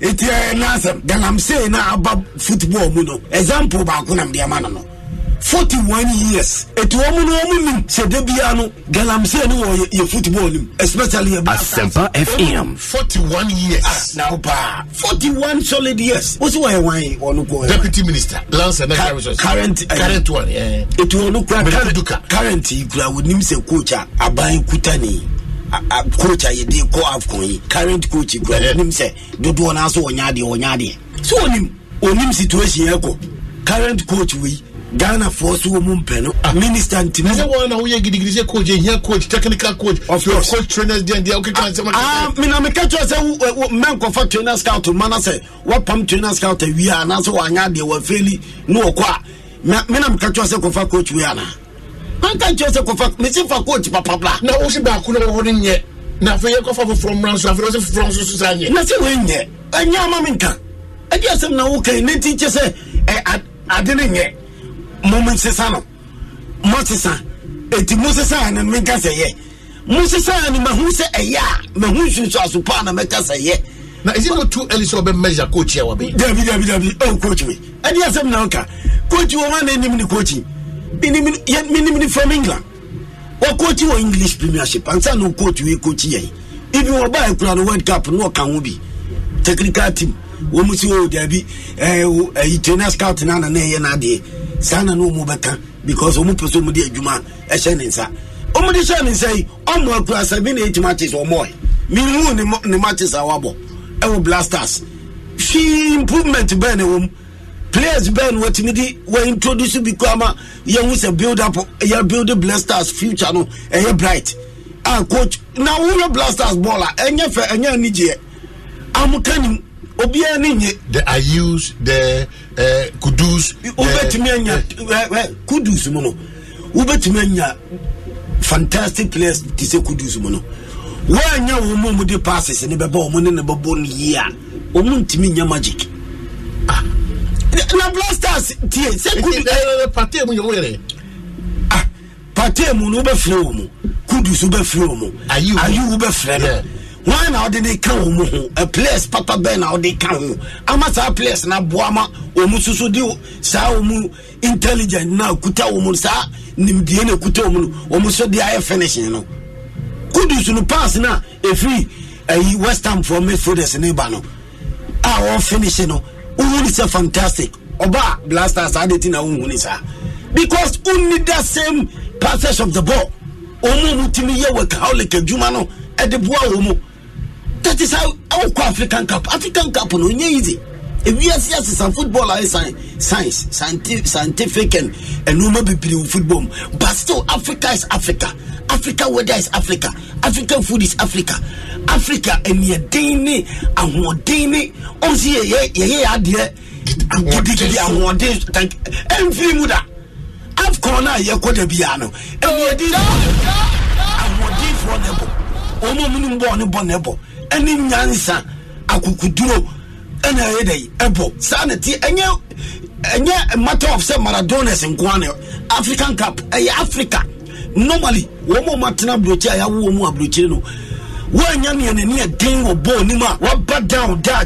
eti ɛ n'asɛm galamsey na aba football mu no example baako na mdeɛ ma no no forty one years etu wɔn no wɔn nim sɛ de no galamsey no wɔ yɛ football nim especially yɛ black asempa fm forty one years ah, na o paa forty one solid years o si wɔyɛ wɔn wɔn ko yɛ deputy minister lansan na current current eh, current one etu wɔn kura current yi kura wɔn nim sɛ coach a aban kuta ne coach a yɛde kɔ afcon yi current coach kura nim sɛ dodoɔ naa so wɔnya adeɛ wɔnya adeɛ so onim onim situation ɛkɔ current coach wei ghana fɔ so wɔ mu mpɛ no minister ntimi. ɛsɛ wɔn na woyɛ gidigidi sɛ coach ehia coach technical coach. of course coach trainers diɛ diɛ okeka nsɛm. Ah, aa ah, mina mi kɛtɔ sɛ mɛ trainer scout mana sɛ wɔpam trainer scout awia anaasɛ wɔanya adeɛ wɔafeli ne wɔkɔ a mina mi kɛtɔ sɛ kɔfa coach wei anaa. anka nkyɛn sɛ kɔfa mesi fa coach papabla na wosi baako na wɔhɔ no nyɛ na afei yɛkɔfa foforɔ mmra nso afei wɔsɛ foforɔ nso so nyɛ na sɛ wɔnyɛ ɛnyɛ ama me nka ɛdi asɛm na woka yi ne ti kyɛ sɛ ɛ ade ne nyɛ mo mo nsesa no mo sesa eti mo sesa na me nka sɛ yɛ mo sesa na mahu sɛ ɛyɛ a mahu nsusu aso paa na mɛka sɛ yɛ na is it not too early sɛ ɔbɛ measure coach yɛ wɔ bɛ. dabi dabi dabi oh coach we ɛdi asɛm na ɔka coach wɔn a na anim ni coach minimini from england wɔkɔɔkyi wɔ english premiership ansa na ɔkɔɔkyi wɔ ekɔɔkyi yɛn ibi wɔba ekura no world cup na ɔka ho bi technical team wɔn mu si wɔ dabi ɛɛ ɛyi trainer scout na na ɛyɛ n'adeɛ saa na na wɔn bɛka because wɔn pɛ so wɔn de adwuma ɛhyɛ ne nsa wɔn de hyɛ ne nsa yi ɔmo akura seven eight matches ɔmo yɛ minimu ne matches a wabɔ ɛwɔ blasters fi improvement bɛɛ na wɔn mu players bɛɛ no di. de introduce bi kɔ ama yɛhu sɛ build up yɛ build blasters future no ɛyɛ bright Ah, coach na woyɛ blasters ball a ɛnyɛ fɛ ɛnyɛ anigyeɛ amoka Obi obiara ne nye. the ayus the uh, kudus. wobɛtumi anya eh, eh, kudus mu no wobɛtumi anya fantastic players ti sɛ kudus mu no wɔanya wɔn mu mu de passes ne bɛbɛ wɔn ne ne bɛbɔ no yie a wɔn ntumi nya magic. Ah na blasters tie sɛ kudu eh, eh, eh, pate mu yɛ wo yɛrɛ ah pate mu no wobɛfrɛ wɔ mu kudu so wobɛfrɛ wɔ mu ayiwo wobɛfrɛ no wọn na ọdị dị ka ọmụ hụ ẹ players papa bẹẹ na ọdị ka ọmụ ama saa players na abụọ ama ọmụ soso dị saa ọmụ intelligent na ekuta ọmụ saa nimdie na ekuta ọmụ ọmụ so dị ayọ finishing no kudus no pass na efiri ẹyi west ham for midfielders n'ịba no a wọn finish no wohuni sɛ fantastic ɔba blaster saa de ti na wohuni saa because wonni that same passage of the ball ɔmu mu tumi yɛ workaholic adwuma no ɛde boa wɔ mu that is how awokɔ african cup african cup no ɔnyɛ easy ewiase asesa football ayɛ science scientific and ɛnoma bebree wɔ football mu but still africa is africa africa weather is africa african food is africa africa ɛniɛden ne ahoɔden ne ɔn si yɛyɛ yɛyɛ adeɛ agodigidi ahoɔden tank ɛnfiri mu da afcon a yɛkɔ da bi ano ɛniɛden ne ahoɔdenfoɔ na ɛbɔ wɔn a wɔn bɔ ne bɔ na ɛbɔ ɛne nyansa akukuduro ɛna ɛyɛ dɛ ɛbɔ saa na ti ɛnyɛ ɛnyɛ matter of sɛ maradonas nkoa na african cup ɛyɛ africa. normally wɔn a wɔatena aburokyire a yɛawo wɔn aburokyire no wɔanya nneɛmani a den wɔ bɔɔl nim a waba down da a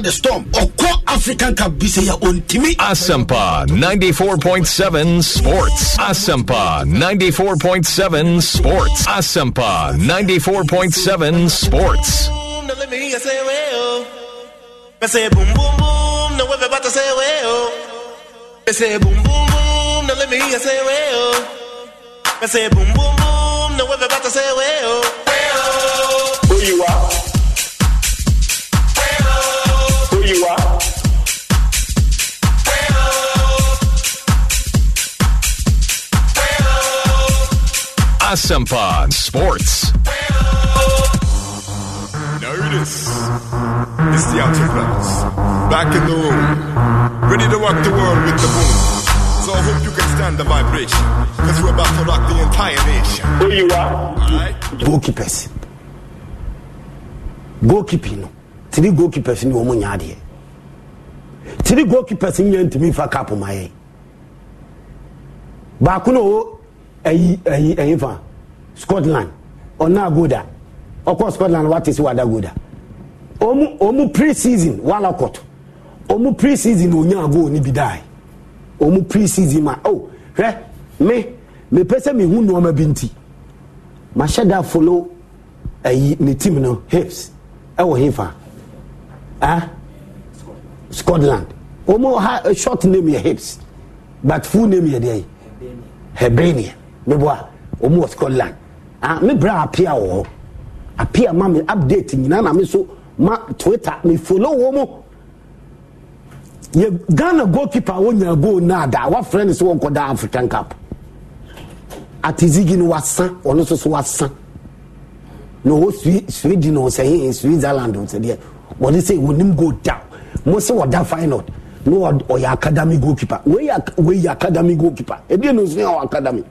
the storm ɔkɔ african cup bi sɛ yɛ ɔntimi asempa 94.7 sports asempa 94.7 sports asempa 94.7 sports say boom boom boom, say well. say oh. boom boom boom, let me say well. Oh. I say boom boom boom, no ever about to say way oh. Who you are? Who you are? Awesome Pod Sports. Notice, it is. It's the Outer Planets. Back in the room. Ready to rock the world with the boom. So I hope you can stand the vibration. Because we're about to rock the entire nation. Who you are? Alright. Goalkeepers. Goalkeeping. Three goalkeepers in Woman Yadi. Three goalkeepers in Yantimi for Kapumaye. Bakuno, a Eva, Scotland, or Nagoda. Of course, Scotland, what is Wadagoda? Omu, omu pre season, Wala Walakot. Omu pre season, Unya go, Nibi die. wɔn pre season ma o oh, hwɛ me mepɛ sɛ mehu nneɛma bi nti mahyɛ da folo ayi ne team no hips ɛwɔ hefa ah scotland wɔn ha short name yɛ hips but full name yɛ deɛ herbania meboa wɔn wɔ scotland ah me bra apia wɔ hɔ apia ma me update nyinaa na mi so ma twitter mi follow wɔn yɛ ghana goalkeeper wonya goal na ada wafrɛ ne sɛ wɔnkɔda african cup atizigi no wasa ɔno nso so wasa na ɔwɔ sweden ɔsɛ switzerland ɔsɛ deɛ wɔde sɛ wɔnim goal da mo sɛ wɔda final na ɔyɛ academy goalkeeper wɔyɛ academy goalkeeper ebi no nso yɛ wɔ academy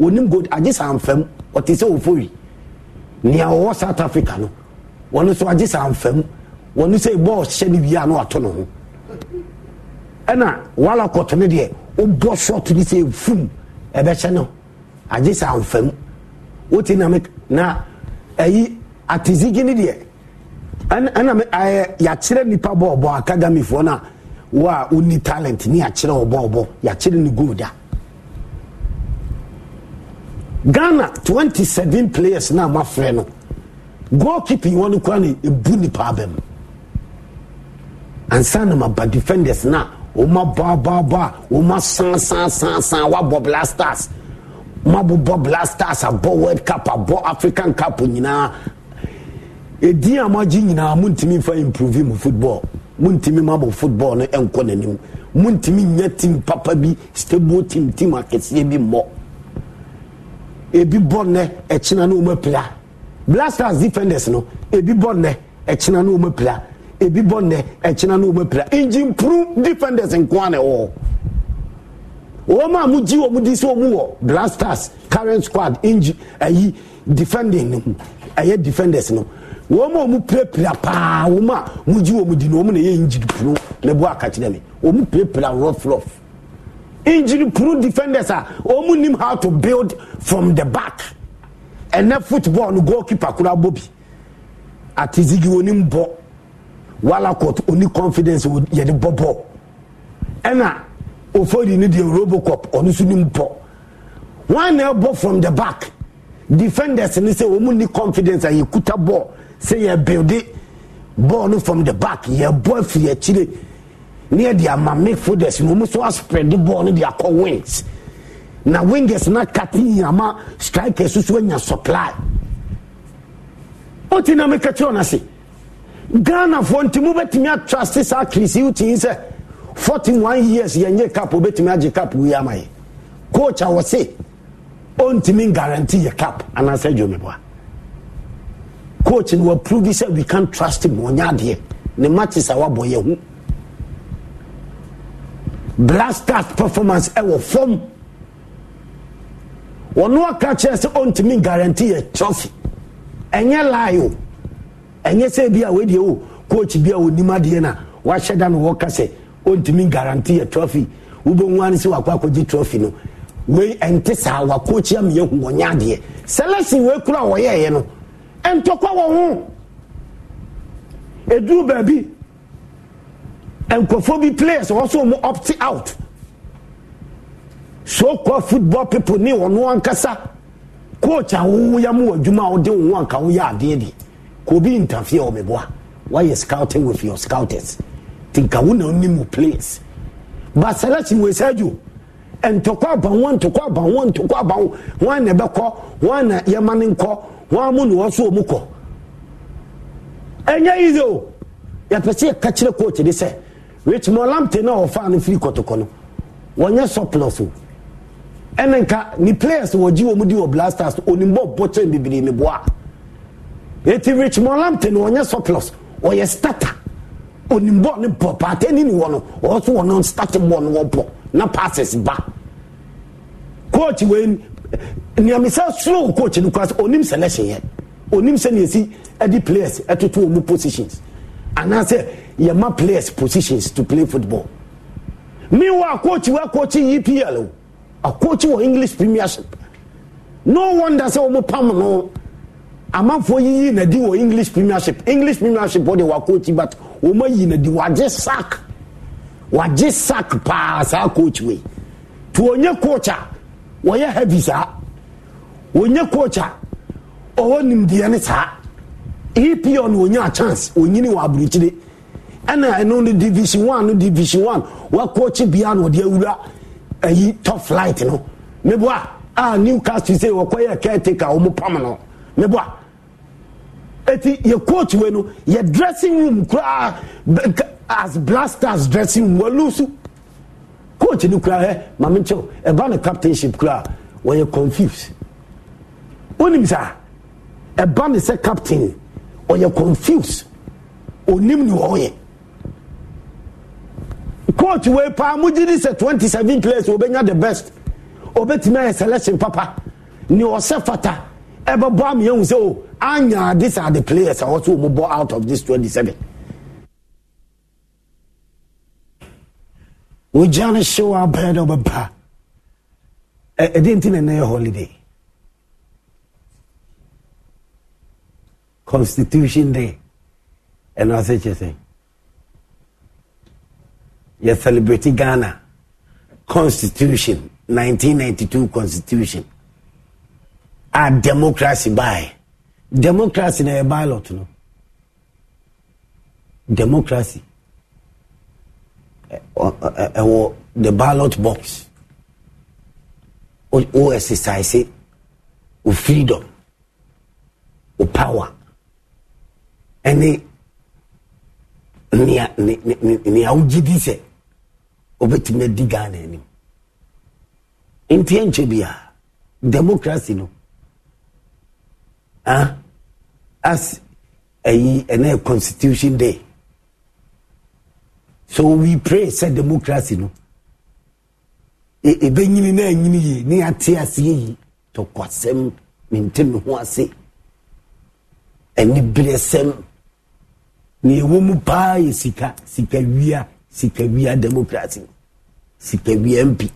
wɔnim goal agye sɛ anfam ɔte sɛ ofori nea ɔwɔ south africa no wɔn nso agye sɛ anfam wɔn nso bɔɔl hyɛ ne wie na wato ne ho. ɛna wala kɔtɔ ne deɛ wobɔ sɔɔto ne sɛ fum ɛbɛhyɛ no agye sɛ amfam wote na me na ayi atezigi ne deɛ ɛna me ayɛ yɛakyerɛ nipa bɔɔbɔ akadamifoɔ no a wo a wonni talent ne yɛakyerɛ ɔbɔɔbɔ yɛakyerɛ no gold a ghana 27 players na mafrɛ no goalkeeping wɔn kora no ɛbu nipa mu ansa na ba defenders na woma baababa woma wa wabɔ blasters woma bobɔ blasters a abɔ world cup a abɔ african cup nyinaa ɛdin a moagye nyinaa montumi fa improve mu football ma mabɔ football no ɛnkɔ n'anim montumi nya team papa bi stable team team akɛseɛ bi mmɔ ebi bɔ nnɛ ɛkyena ne wɔmapira blasters defenders no ebi bɔ nnɛ ɛkyena ne wɔmapira ebi bɔ nnɛ ɛkyina no wɔmapira ngimpru defenders nko a na ɛwɔ wɔn a mogyi wɔn di sɛ wɔn wɔ blasters current squad ngi ayi defending no ɛyɛ defenders no wɔn a wɔn pirapira paa wɔn a mogyi wɔn di no wɔn na ɛyɛ ngimpru na ɛbɔ akakyerɛ mi wɔn pirapira rough rough injury proof defenders a wɔn nim how to build from the back ɛnɛ football no goalkeeper koraa bobi, bi atizigi wɔn nim bɔ. Wala walakot oni confidence yɛde bɔ bɔ ɛna ofori ne deɛ robocop ɔno so nim pɔ wɔn na ɛbɔ from the back defenders ni sɛ wɔn ni confidence a yɛkuta bɔɔl sɛ yɛ buildi bɔɔl no from the back yɛ bɔ firi akyire ne yɛ de make folders na mu so aspread bɔɔl no de akɔ wings na wingers na kati ama strikers so anya supply o ti na mi kɛtɛ ɔna se ghanafoɔ nti mobɛtumi atraste saa krisi wotii sɛ one years yɛnyɛ cap obɛtumi agye cap wi ama yɛ coach a wɔse ɔntumi guarantee yɛ cap anaasɛ dwomeboa coach no waprovi sɛ we can trust him ɔnyɛ adeɛ ne matches a wabɔ yɛ ho blasters performance ɛwɔ fam ɔno aka kyerɛ sɛ ɔntumi guarantee yɛ trophy ɛnyɛ lie o ɛnyɛ sɛ bi a wɔadi o coach bi a ɔnim adeɛ no wahyɛ da no wɔka sɛ ɔntumi guarantee a trophy wobɛhu ane sɛ wakɔ akɔgye trophy no wei ɛnte saa wakɔkyi ameyɛhu wɔnyɛ adeɛ selection wei kora a wɔyɛɛyɛ no ɛntɔkwa wɔ ho ɛduru baabi nkurɔfoɔ bi players wɔ so mu opt out so kɔ football people ne ɔno ankasa coach a wowoyɛ mu wɔ adwuma a wode wo anka woyɛ adeɛ deɛ kò obi interfere wɔ me boa wayɛ scouting with your scouters nti nka wo na onim wo players but selection wɔ sɛdwo ntɔkwa abanwo ntɔkwa abanwo ntɔkwa abanwo wɔn na ɛbɛkɔ wɔn na yɛma ne nkɔ wɔn amu na wɔn so wɔn kɔ ɛnyɛ easy o yɛpɛ sɛ yɛka coach de sɛ richmond lampton na ɔfa no firi kɔtɔkɔ no wɔnyɛ surplus o ɛnna nka ne players wɔgye wɔn di wɔ blasters onimbo bɔtɛn bibiri ne boa eti rich molamte no ɔnyɛ surplus ɔyɛ starter onim bɔɔl ne pɔ paate ni ni wɔ no ɔso wɔ no starting bɔɔl no wɔpɔ na passes ba coach wei nneɛmisa slow coach no kura onim selection yɛ onim sɛ ne yɛsi ɛdi players ɛtoto wɔn mu positions anaasɛ yɛma players positions to play football meanwhile coach wa coach epl o a coach wɔ english premiership no wonder sɛ wɔn pam no amanfoɔ yiyi nadi wɔ english premiership english premiership wɔde wa coach but wɔn ayi nadi wagye sack wagye sack paa saa coach wei to onye coach a wɔyɛ heavy saa onye coach a ɔwɔ nimdeɛ ne saa epl no onye a chance onyini wɔ aburukyire ɛna ɛno no division one no division one wɔakɔkye bia na ɔde awura ayi top flight no meboa a newcastle sɛ wɔkɔyɛ caretaker wɔn pam no mebo a eti yɛ coach wei no yɛ dressing room koraa as blasters dressing room wɔlusu coach ni koraa hɛ eh, maame nkyɛw ɛba ne captainship koraa wɔyɛ confused onim saa ɛba ne sɛ captain ɔyɛ confused onim ni wɔn coach wei paa mo gyi ni sɛ twenty seven players obɛnya the best obɛtumi ayɛ selection papa ni ɔsɛ fata ɛbɛbɔ amiyɛn sɛ o anya these are the players a wɔso wɔn bɔ out of this twenty seven. ogya no hyew abɛɛ e, e dɛ ɔbɛba ɛde nti na ɛnɛyɛ holiday constitution day ɛna ɔsɛ kyɛ sɛ yɛ celebrate ghana constitution 1992 constitution a ah, democracy baaɛ democracy na yɛ ballot no democracy ɛwɔ eh, eh, eh, the ballot box o exercise o freedom o power ɛne nea ne ne nea wogye di sɛ wobɛtumi adi ghana anim nti ɛnkyɛ bia democracy no ah as a ɛnɛ constitution day so we pray sɛ democracy no e, ebe nyini na enyini yi ne ate ase yi tɔkwasɛm ne nte ne ho ase ɛne berɛsɛm ne ɛwɔ mu paa yɛ sika sika wia sika wia democracy sika wia mpi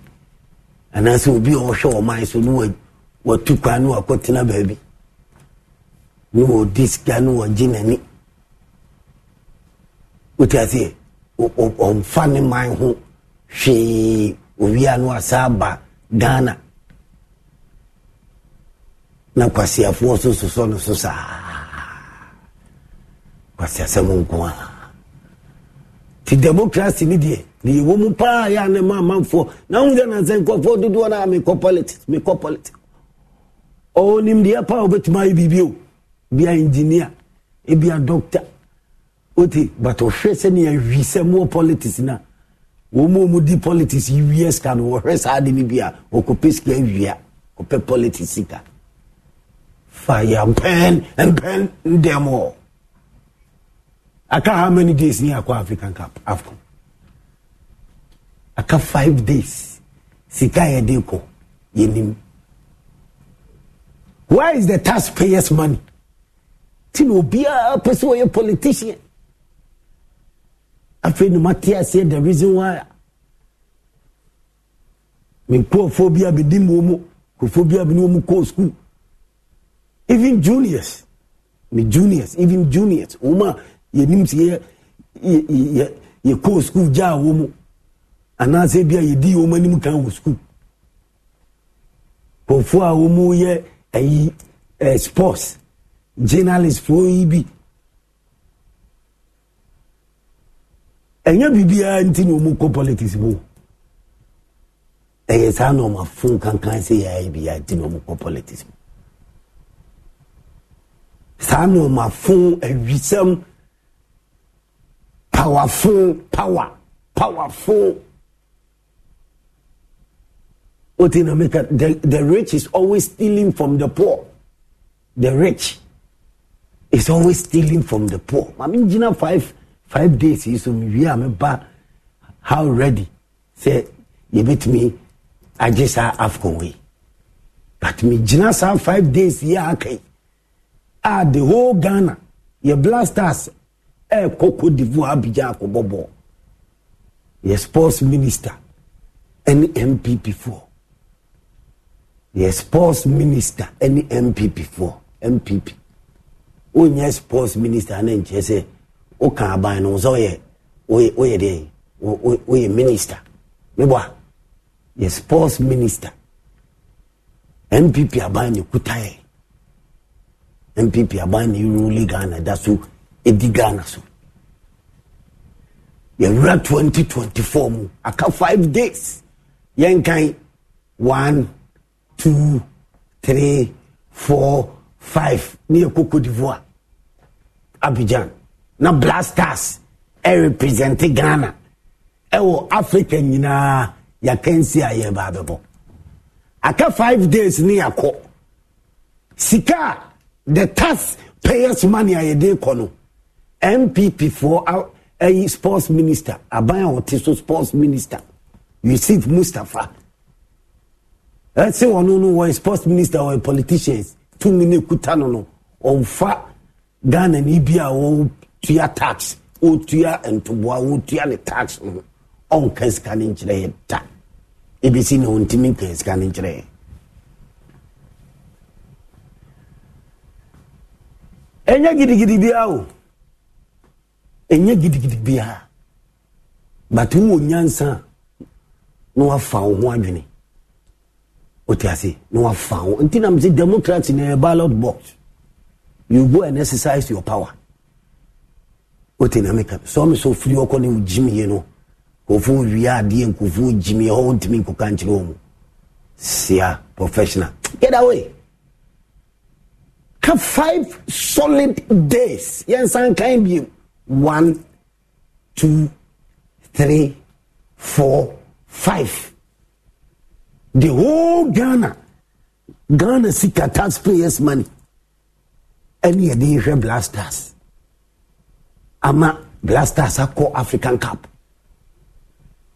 anaasɛ obi a ɔhwɛ ɔman so no watu kwan no wakɔtena baabi ne wɔdi sika no wɔgye n'ani wotu aseɛ ɔmfa ne man ho hwee owia no asa aba ghana na kwasiafoɔ so soso no so saa kwasiasɛm nko a ti democracy ni deɛ ne yɛwɔ mu paa yɛ a ne ma amanfoɔ na wohu sɛ nansɛ nkɔfoɔ dodoɔ no a mekɔ politics mekɔ politics ɔwɔ nimdeɛ paa wobɛtumi ayɛ biribi o bia engineer ebia doctor oti but ɔhwɛ sɛnea ɛhwi sɛ moɔ politics na wɔn mu ɔmo di politics yi wie sika no wɔhwɛ saa adi ni bi a ɔkɔpɛ sika awia ɔpɛ politics sika fire mpɛn mpɛn ndɛm hɔ aka how many days ni akɔ african cup afcon aka five days sika yɛ de kɔ yɛ nim where is the taxpayers money nti na obiara pɛ sɛ ɔyɛ politician afei na mate aseɛ the reason why me nkurɔfoɔ bi a bɛdi mu mu nkurɔfoɔ bi a bɛdi wɔ mu kɔɔ school even juniors me juniors even juniors wɔn um, a yɛnim sɛ yɛ yɛ yɛ kɔɔ school gyaa wɔ mu anaasɛ bi a yɛdi wɔn anim kan wɔ school nkurɔfoɔ a wɔn yɛ ayi ɛɛ eh, sports journalist foɔ yi bi ɛnyɛ biribiara nti na wɔn kɔ politics mu ɛyɛ saa na wɔn afun kankan sɛ yɛ ayɛ biara nti na wɔn kɔ politics mu saa na wɔn afun awisɛm powerful power powerful. What in America, the, the rich is always stealing from the poor. The rich is always stealing from the poor maame gyina five five days yi so wie a meba how ready sɛ yɛbɛtumi agye saa afcon wei but me gyina saa five days yi a aka yi a the whole ghana yɛ blasters ɛɛkɔ eh, cote divoire abidjan akɔbɔ bɔɔl yɛ sports minister ɛne npp foɔ yɛ sports minister ɛne npp foɔ npp wonyɛ sports minister ne nkyerɛ sɛ woka aban no wo sɛ woyɛ woyɛ deɛ woyɛ minister mebɔ a yɛ sports minister mpp aban ne kutaeɛ mpp aban ne rule ghana da so ɛdi ghana so yɛwura 2024 mu aka 5 days yɛnkan 1 2 3 4 five ne yɛ cote d'ivoire abidjan na blasters. stars represente ghana ɛwɔ africa nyinaa yɛakansi a yɛba abɛbɔ aka five days ne yɛakɔ sika the tax payers money a yɛde kɔ no npp foɔ ayi sports minister aban a so sports minister yusuf mustapha ɛsɛ wɔn no no wɔyɛ sports minister or politicians tumi no kuta no no ɔmfa ghana ni bi a wɔtua tax wɔtua ntoboa wɔtua ne tax no ɔnka sika no nkyerɛ yɛ da ebisi na ɔntumi nka sika no nkyerɛ yɛ ɛnyɛ gidigidi biara o ɛnyɛ gidigidi biara bato wɔ nyansa na wafa wo ho adwene wote ase na wafa ho nti nam sɛ democrat na ballot box you go and exercise your power wote na meka sɛ ɔme sɛ ɔfiri ɔkɔ ne wogyimie no kɔfo wie adeɛ nkɔfo gyimie hɔ wontumi nkɔka nkyerɛ wɔ mu sia professional get away ka five solid days yɛnsan kan biem one two three four five the whole ghana ghana sika taxpayers money ɛne yɛde yɛhwɛ blasters ama blasters akɔ african cup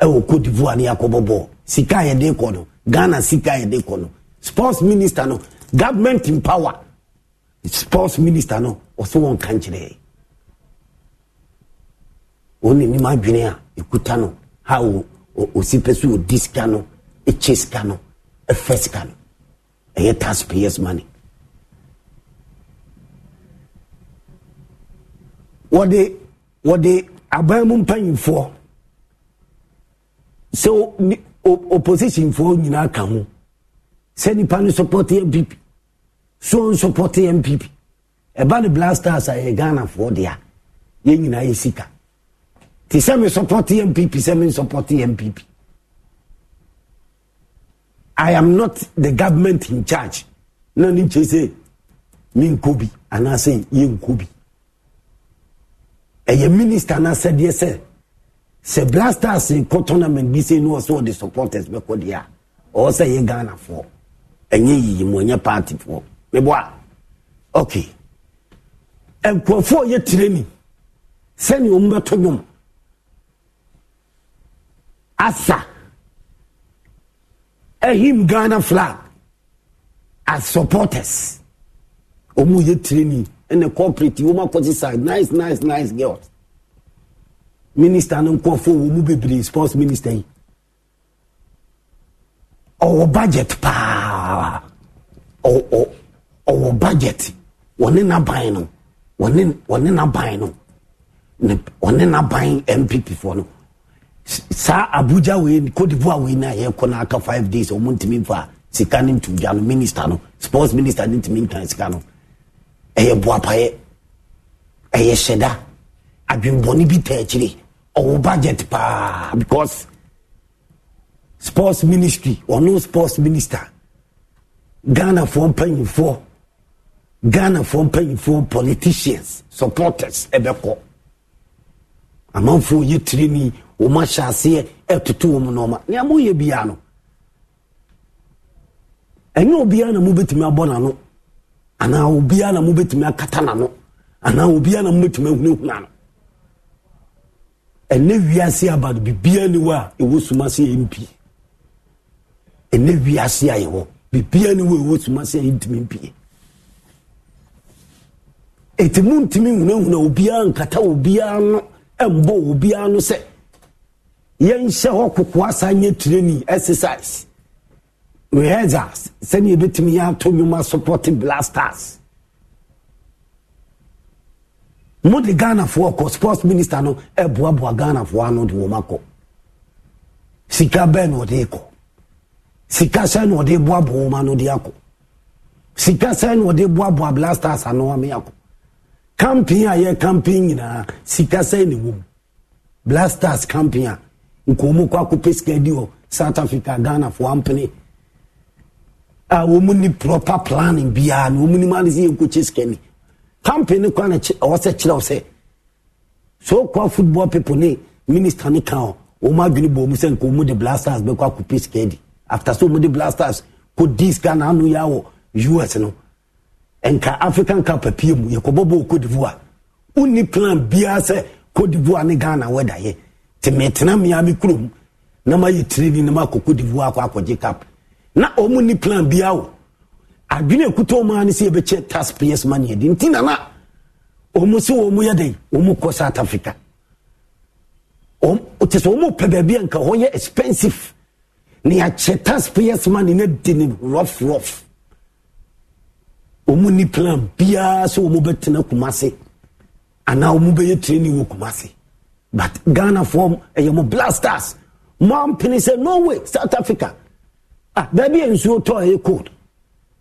ɛwɔ cote divoire ne akɔbɔbɔ sika yɛde kɔ no ghana sika yɛde kɔ no sports minister no government in power sports minister no ɔsɛ wɔn ka nkyerɛ wɔn anim adwene a ɛkuta no ha osi pɛ so ɔdi sika no ɛkyɛ sika no ɛfɛ sika no ɛyɛ taxpayers money wɔde wɔde aban mu mpanyinfoɔ sɛ ni oppositionfoɔ nyinaa ka ho sɛ nipa no support npp so n support npp ɛba ne blasters a yɛ ghanafoɔ deɛ yɛn nyinaa yɛ sika te sɛ me support npp sɛ me n support npp i am not the government in charge na ne nkyɛ sɛ menkɔ bi anaasɛ yɛnkɔ bi ɛyɛ minister no asɛdeɛ sɛ sɛ blasters kɔ tournament bi sei ne wɔ sɛ wɔde supporters bɛkɔ deɛ a ɔwɔ sɛ yɛ ghanafoɔ ɛnyɛ yiyi mu ɛnyɛ partyfoɔ meboa okay nkurɔfoɔ yɛ tireni sɛnea ɔmu bɛto dwom asa ahim ghana flag as supporters ɔmo yɛ training ɛna corporate wɔn akɔsi side nice nice nice girls minister no nkɔfo wɔn mu bebree sports minister yi ɔwɔ budget paa ɔwɔ ɔwɔ budget wɔne n'aban no wɔne wɔne n'aban no wɔne n'aban npp foɔ no saa abuja wei kodivoa wei no na yɛkɔ no aka five days ɔmo ntumi mfa sika no ntumdwa no minister no sports minister no ntumi nkan sika no ɛyɛ boapayɛ ɛyɛ hyɛda adwenbɔne bi taa akyire ɔwɔ budget paa because sports ministry ɔno sports minister ghanafoɔ mpanyinfoɔ ghanafoɔ mpanyinfoɔ politicians supporters ɛbɛkɔ e amanfoɔ yɛ tirini wɔn ahyɛ aseɛ ɛtoto wɔn nneɛma nea mo yɛ biara no ɛnyɛ obiara na mo bɛtumi abɔ n'ano anaa obiara na mo bɛtumi akata n'ano anaa obiara na mo ahunahuna no ɛnɛ wiase abad bibiara ni hɔ a ɛwɔ suma se yɛ mpi ɛnɛ wiase a yɛ hɔ bibiara ni hɔ a ɛwɔ suma se yɛ ntumi mpie ètí ntumi hunahuna obiara nkata obiara no ɛmbɔ obiara no sɛ yɛnhyɛ hɔ kokoa saa nyɛ training exercise rehearsals sɛnea yɛbɛtumi yɛ ato nnwuma support blasters mode ghanafoɔ kɔ sports minister no ɛboaboa ghanafoɔ ano de wɔm akɔ sika bɛɛ na ɔde kɔ sika sɛn na ɔde boaboa wɔm ano de akɔ sika sɛn na ɔde boaboa blasters ano ame akɔ camping a yɛ camping nyinaa sika sɛn na wɔm blasters camping a nkɔmu kɔ akɔpɛ sika di hɔ south africa ghana for ampene a wɔn ni proper planning biara na wɔn ni maa ni sɛ yɛn kɔkye sika ni campaign kɔ na ɔwɔ kyerɛ sɛ so kɔ football people ni, minister ni kan o wɔn adwene bɔ wɔn sɛ nkɔmu de blasters bɛ kɔ akɔpɛ sika di after so wɔn de blasters kɔ di sika na ano yɛ awɔ us no nka african cup apue mu yɛkɔbɔ bɔ cote divoire wonni plan biara sɛ cote divoire ne ghana wɛda yɛ te metena miami kurom na mayɛ tireni na makɔkɔ divoa akɔ akɔgye cap na ɔmu ni plan bia o adwene ɛkuta ɔmaa no sɛ yɛbɛkyɛ tas players ma ne yɛdi nti nana ɔmu sɛ ɔmu yɛ dɛn ɔmu kɔ south africa te sɛ ɔmu pɛ baabi a nka hɔ yɛ expensive ne yɛakyɛ tas players ma ne di ne rough rough ɔmu ni plan biaa sɛ ɔmu bɛtena kumase anaa ɔmu bɛyɛ tireni wɔ kumase but ghanafoɔ ɛyɛ eh, mo blasters mo ampene sɛ norway south africa ah baabi a nsuo tɔ ɛyɛ cold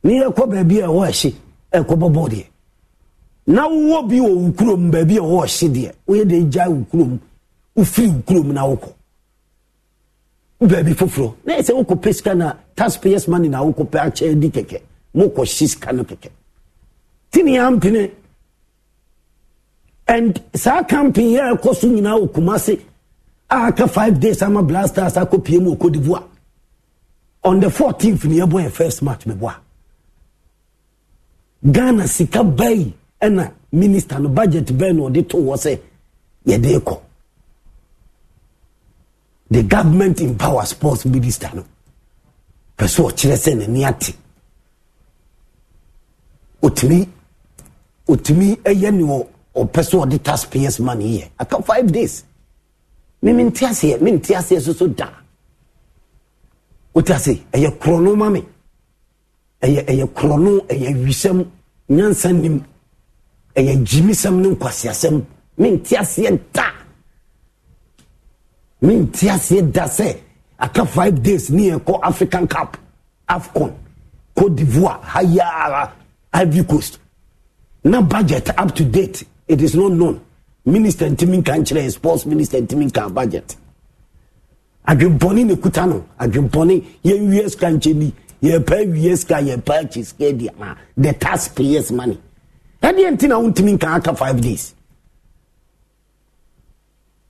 ne yɛkɔ baabi a ɛwɔ ɛhye ɛkɔbɔ bɔɔl deɛ na wowɔ bi wɔ wo kurom beebi a ɛwɔ ɛhye deɛ woyɛ de gyae wo kurom wofiri wo kurom na wokɔ beebi foforɔ na ɛsɛ wokɔ pɛ sika na taxpayers money na wokɔ pɛ akyɛ di kɛkɛ mokɔ hye sika no kɛkɛ tini ampene and saa camping yɛ ɛkɔ so nyinaa wɔ kumase a aka five days ama blasters akɔ pie mu okɔ divoa on the fourteenth ni yɛbɔ yɛ first match bɛ bɔ a ghana sika bɛyi ɛna minister no budget bɛyi na ɔde to wɔ sɛ yɛde kɔ the government empower sports minister no pɛ so ɔkyerɛ sɛ n'ani ate otumi otumi ɛyɛ ni wɔ ɔpɛ sɛ ɔde taxpayers money yɛ aka five days mimi nte aseɛ mi nte so so da wote ase ɛyɛ korɔno ma me ɛyɛ ɛyɛ korɔno ɛyɛ wisɛm nyansa nim ɛyɛ gyimisɛm ne nkwasiasɛm mi nte aseɛ da mi nte aseɛ da sɛ aka five days ne yɛ african cup afcon cote d'ivoire haya ivory coast na budget up to date it is not known minister ntumi nka nkyerɛ sports minister ntumi nka budget adwempɔne na ekuta no adwempɔne yɛn wie sika nkyɛn ye pay wie sika yɛpɛ akyi sika di ma the tax payers money ɛdeɛ nti na ntumi nka aka five days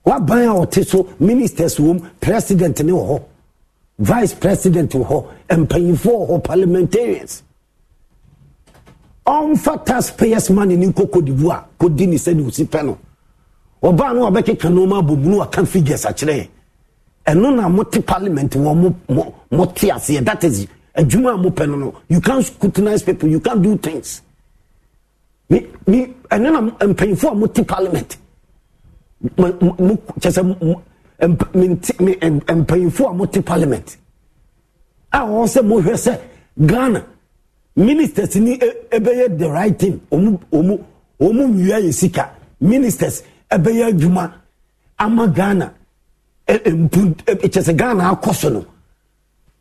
waban a ɔte so ministers room. president ne ho, vice president ho, and pay for ho parliamentarians. ɔmfa taxpayers money ne nkɔ kɔdibu a kɔdi ne sɛde osi pɛ no ɔbaa no ɔbɛkeka nneɔma abɔmu no waka figures akyerɛ ɛno na mote parliament wɔ mote aseɛ that is adwuma a mopɛ no no you can scrutinize people you can do things me me ɛno na mpanyinfoɔ a mote parliament mo mo kyɛ sɛ mpanyinfoɔ a mote parliament a wɔn sɛ mohwɛ sɛ ghana. ministers ni ɛbɛyɛ e, e, the right thing ɔmu ɔmu ɔmu wia yɛ sika ministers ɛbɛyɛ e, adwuma ama ghana ɛ mpu ɛkyɛsɛ ghana akɔ so no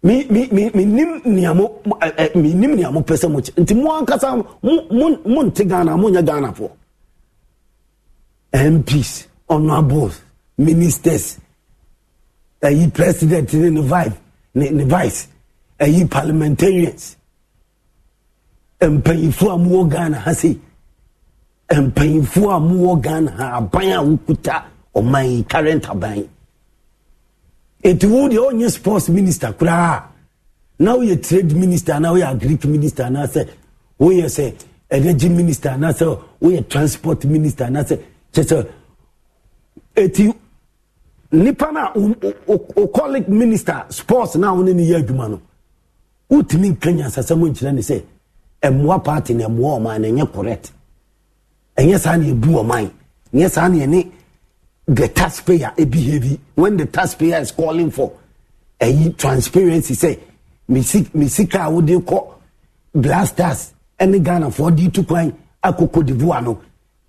mi mi mi mi nim niamo ɛ mi nim niamo pɛ sɛ kyɛ nti mo ankasa mo mo mo nte ghana mo nyɛ ghana fo mps honourables ministers ɛyi president ne ne vice ne ne vice ɛyi parliamentarians. mpanyinfoɔ a mowɔ ghana ha sei mpanyinfoɔ a mowɔ ghana ha aban a wokuta ɔman yi current aban eti wo deɛ ɔnyɛ sports minister koraa na woyɛ trade minister na woyɛ agric minister na sɛ woyɛ sɛ energy minister na sɛ woyɛ transport minister na sɛ kyɛ sɛ eti nipa na o colleague minister sports na wɔn ne yɛ adwuma no wotumi nkanya sasɛm nkyerɛ ne sɛ ɛmoa party na ɛmoa ɔman na ɛnyɛ correct ɛnyɛ saa na ebu ɔman ɛnyɛ saa na ɛne the taxpayer ebihave when the taxpayer is calling for ɛyi transparency sɛ mesika a wode kɔ blasters ɛne ghanafoɔ de tu kwan akoko divoa no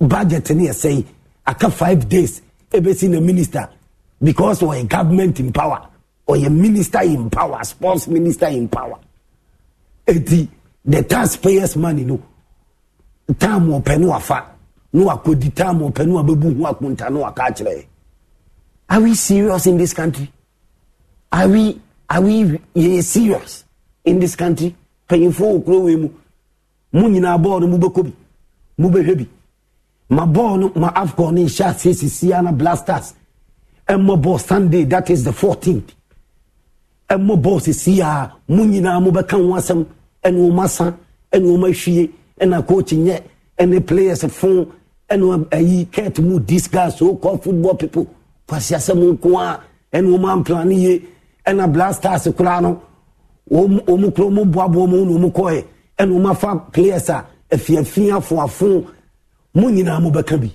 budget ne yɛsɛe aka five days ɛbɛsi na minister because ɔyɛ government in power ɔyɛ minister in power sports minister in power eti. the taxpayers money no time ɔpɛ no wafa no wakɔdi time ɔpɛ no wabɛbu ho akonta no waka akyerɛ are we serious in this country are we are we serious in this country panyinfoɔ wɔ kuro wei mu mu nyinaa bɔɔl no mu bɛkɔ bi mu bɛhwɛ bi ma bɔɔl no ma afcon no nhyɛ aseɛ sisi ana blasters ɛmmɔ bɔɔl sunday that is the fourteenth ɛmmɔ bɔɔl sisi a mu nyinaa mu ka ho asɛm. ɛne wɔn asa ɛne wɔn ahwie ɛna coach nyɛ ɛne players fon ɛne ayi kɛt mu dis guys so called football people kwasi asɛm nko a ɛne wɔn amplan ne yie ɛna blasters koraa no wɔn wɔn kura wɔn boaboa wɔn na wɔn kɔɛ ɛna wɔn afa players a afiafi e afoafo mo nyinaa mo bɛka bi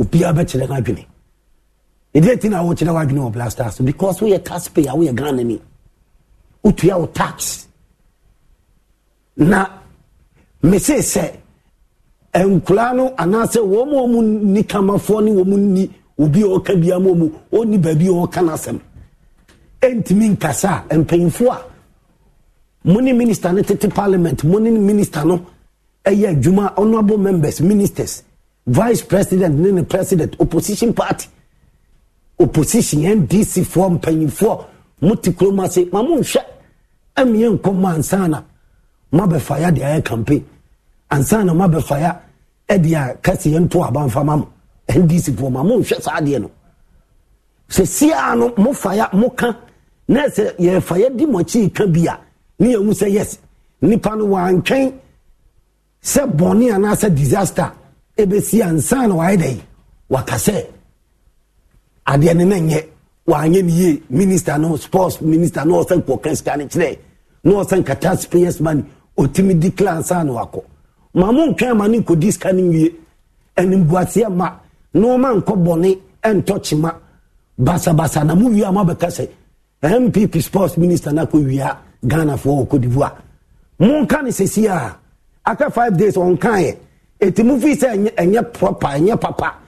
obiara bɛkyerɛ n'adwene ɛdeɛ e ti na wɔkyerɛ w'adwene wɔ blasters because woyɛ tax payer woyɛ ghana ni wotua wo tax na mese sɛ nkoraa no anaasɛ wɔn a wɔn ni kamafoɔ ne wɔn ni obi a ɔka bia ma wɔn ɔni baabi a ɔka n'asɛm ɛntumi nkasa mpanyinfoɔ a mo ne minista no tete parliament mo ne minista no ɛyɛ adwuma honourable members ministers vice president ne ne president opposition party opposition ndc foɔ mpanyinfoɔ mo te kurom se ma mo nhwɛ ɛmiɛ nkɔ mansana mabɛfa ya de ayɛ campaign ansa na mabɛfa ya ɛde a kasi yɛn to abanfa ma mo ndc poɔ ma mo nhwɛ saa adeɛ no sɛ siaa no mo fa ya mo ka na sɛ yɛfa ya di mo akyi ka bi a ne yɛn mu sɛ yes nipa no wantwɛn sɛ bɔnne anaasɛ disaster ebesi ansa na wayɛ dɛ waka sɛ adeɛ no na nyɛ wanyɛ ne yie minister no sports minister no ɔsɛ nkɔka sika no kyerɛ na ɔsɛ nkata spayers money ɔtumi di class a na wakɔ maa mo ntwɛn ma ne nkɔdi sika ne nwie ɛnimbuaseɛ ma nneɛma nkɔ bɔne ɛntɔ kyima basabasa na mo wie a mo abɛka sɛ npp sports minister na akɔ wie a ghanafoɔ wɔ kɔdivu a mo nka ne sɛsi a aka five days ɔnkaeɛ ɛti mo fi sɛ ɛnyɛ proper ɛnyɛ papa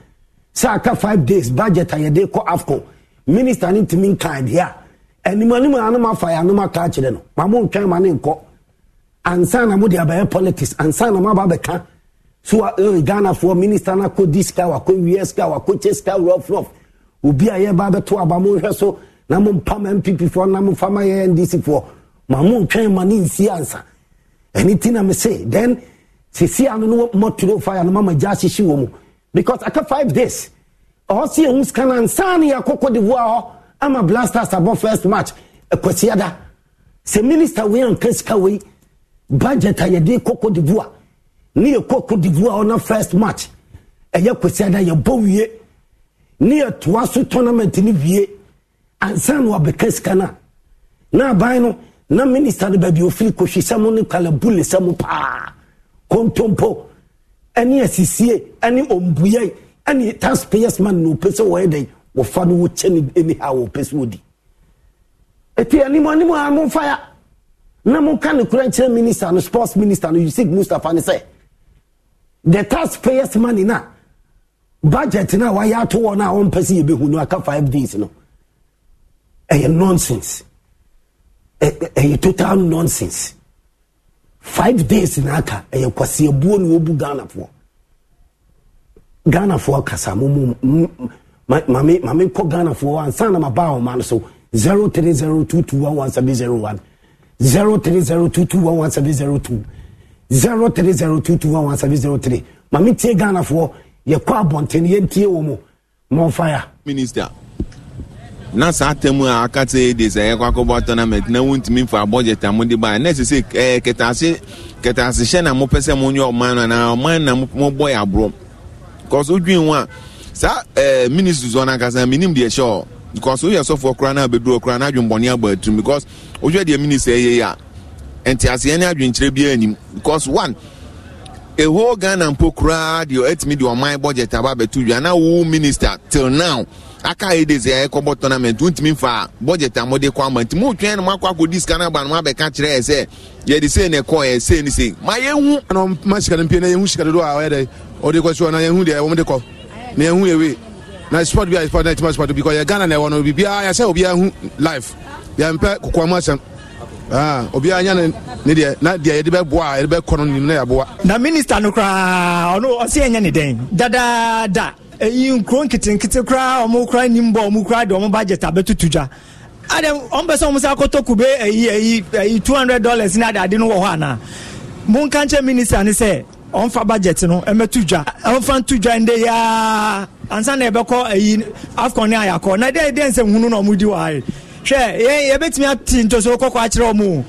sɛ aka five days budget a yɛde kɔ afcon minister ne ntumi nkae deɛ a anim anim a anam afa yɛ anam aka akyerɛ no ma mo ntwɛn ma ne nkɔ ansa na mo de abɛyɛ politics ansa na mo aba abɛka so uh, uh ghana foɔ minister na ko di sika wakɔ wie sika wakɔ kye sika rough rough obi a yɛba abɛto aba mo nhwɛ so na mo mpa ma npp foɔ na mo fa ma yɛ ndc foɔ ma mo ntwɛn ma ne nsi ansa ɛni ti na mi se then sisi ano no mo turo fire no ma ma gya ahyehye wɔ mu because aka five days ɔhɔ si ehun sika na ansa na yɛ akɔkɔ de bu ahɔ ama blasters abɔ first match ɛkɔsiada e sɛ minister wei anka sika wei budget a yɛde kɔ cote divoire ne yɛkɔ cote divoire ɔna first match ɛyɛ kwasi ada yɛbɔ wie ne yɛtoa so tournament no wie ansa na wabɛka sika no na aban no na minista no baabi ofiri kɔhwi sɛ mo ne kalabule sɛ mo paa kontompo ɛne asisie ɛne ɔmbuyɛi ɛne taxpayers man na ɔpɛ sɛ wɔyɛ dɛn wɔfa no wokyɛ no anyhow ɔpɛ sɛ wɔdi ɛti anim anim a momfa ya na moka no kora nkyerɛ minister no sports minister no usik mustapha ne sɛ the tax payers money na budget na a wayɛ ato wɔ no a wɔmpɛ sɛ yɛbɛhu no aka five days no ɛyɛ nonsense ɛyɛ total nonsense five days na aka ɛyɛ kwasiabuo na wɔbu ghanafoɔ ghanafoɔ kasa mo mame kɔ ghanafoɔ ansa na mabaa ɔma no so one zero three zero two two one one seven zero two zero three zero two two one one seven zero three maame tie ghana foɔ yɛkɔ abɔnten yɛntie wɔn mo mɔnfaya. minister na saa tɛmu a aka sɛ de sɛ yɛkɔ akɔbɔ tournament na wontumi fa budget a mode baa na ɛsɛ sɛ ɛɛ kɛtaase kɛtaase hyɛ na mopɛ sɛ monyɛ ɔman no anaa ɔman na mobɔ yɛ aborɔ kɔsɔ dwen ho a saa ɛɛ ministry sɔ no ankasa menim deɛ ɛhyɛ ɔ because woyɛ sɔfoɔ koraa no abɛduro koraa no adwembɔne abɔ atum because wohwɛ deɛ mini sɛ ɛyɛ a nteaseɛ ne adwenkyerɛ biara anim because one ɛho ghana mpo koraa deɛ ɛtumi de ɔman budget aba abɛto dwa na wo minister till now aka yɛ de sɛ ɛkɔbɔ tournament wontumi fa budget a mode kɔ ama nti motwɛn no moakɔ akɔdi sika no aba no moabɛka kyerɛ ɛ sɛ yɛde sei ne ɛkɔ ɛ sei ne sei ma yɛhu ma sika no mpie na yɛhu sika dodo a ɔyɛ dɛ ɔde kɔ soɔ na yɛhu deɛ wɔmde kɔ na yɛhu yɛwei na sport bi a sport na ɛtuma sport bi kɔ yɛ ghana na ɛwɔ no biribiara yɛsɛ obiara hu life yɛmpɛ kokoa mu asɛm ah, obiara nya ne deɛ na deɛ yɛde bɛboa a yɛde bɛkɔ no nim na yɛboa na minista no koraa ɔno ɔsɛ yɛnyɛ ne dɛn dadaada ɛyi nkuro nketenkete koraa ɔmo koraa nim bɔ ɔmo koraa de ɔmo budget abɛtutu dwa adam ɔmo pɛ sɛ ɔmo sɛ akɔtɔ kube ɛyi ɛyi ɛyi two hundred dollars na ade no wɔ hɔ anaa mo nka nkyɛn ne sɛ ɔnfa budget no ɛmɛtu dwa ɔnfa ntu dwa nde yaa ansa na yɛbɛkɔ ɛyi afcon ne ayakɔ na deɛ deɛ nsɛm hunu na ɔmo di wa ayi hwɛ yɛn yɛbɛtumi ati ntoso kɔkɔ akyerɛ ɔmo